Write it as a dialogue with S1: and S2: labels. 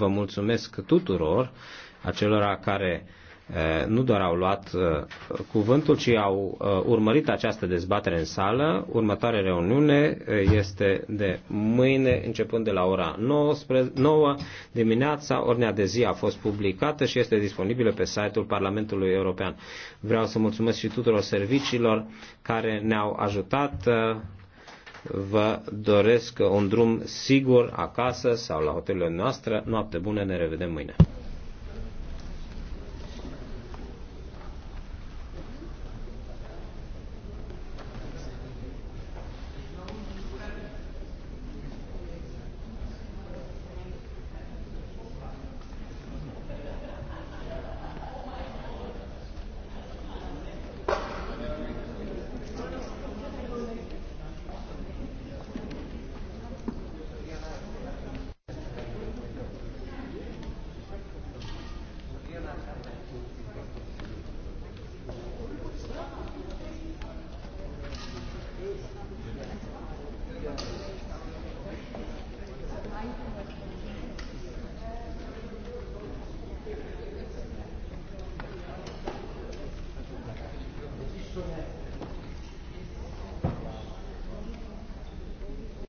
S1: Vă mulțumesc tuturor acelora care nu doar au luat cuvântul, ci au urmărit această dezbatere în sală. Următoarea reuniune este de mâine, începând de la ora 9 dimineața. Ordinea de zi a fost publicată și este disponibilă pe site-ul Parlamentului European. Vreau să mulțumesc și tuturor serviciilor care ne-au ajutat vă doresc un drum sigur acasă sau la hotelul noastre. Noapte bună, ne revedem mâine.
S2: instrument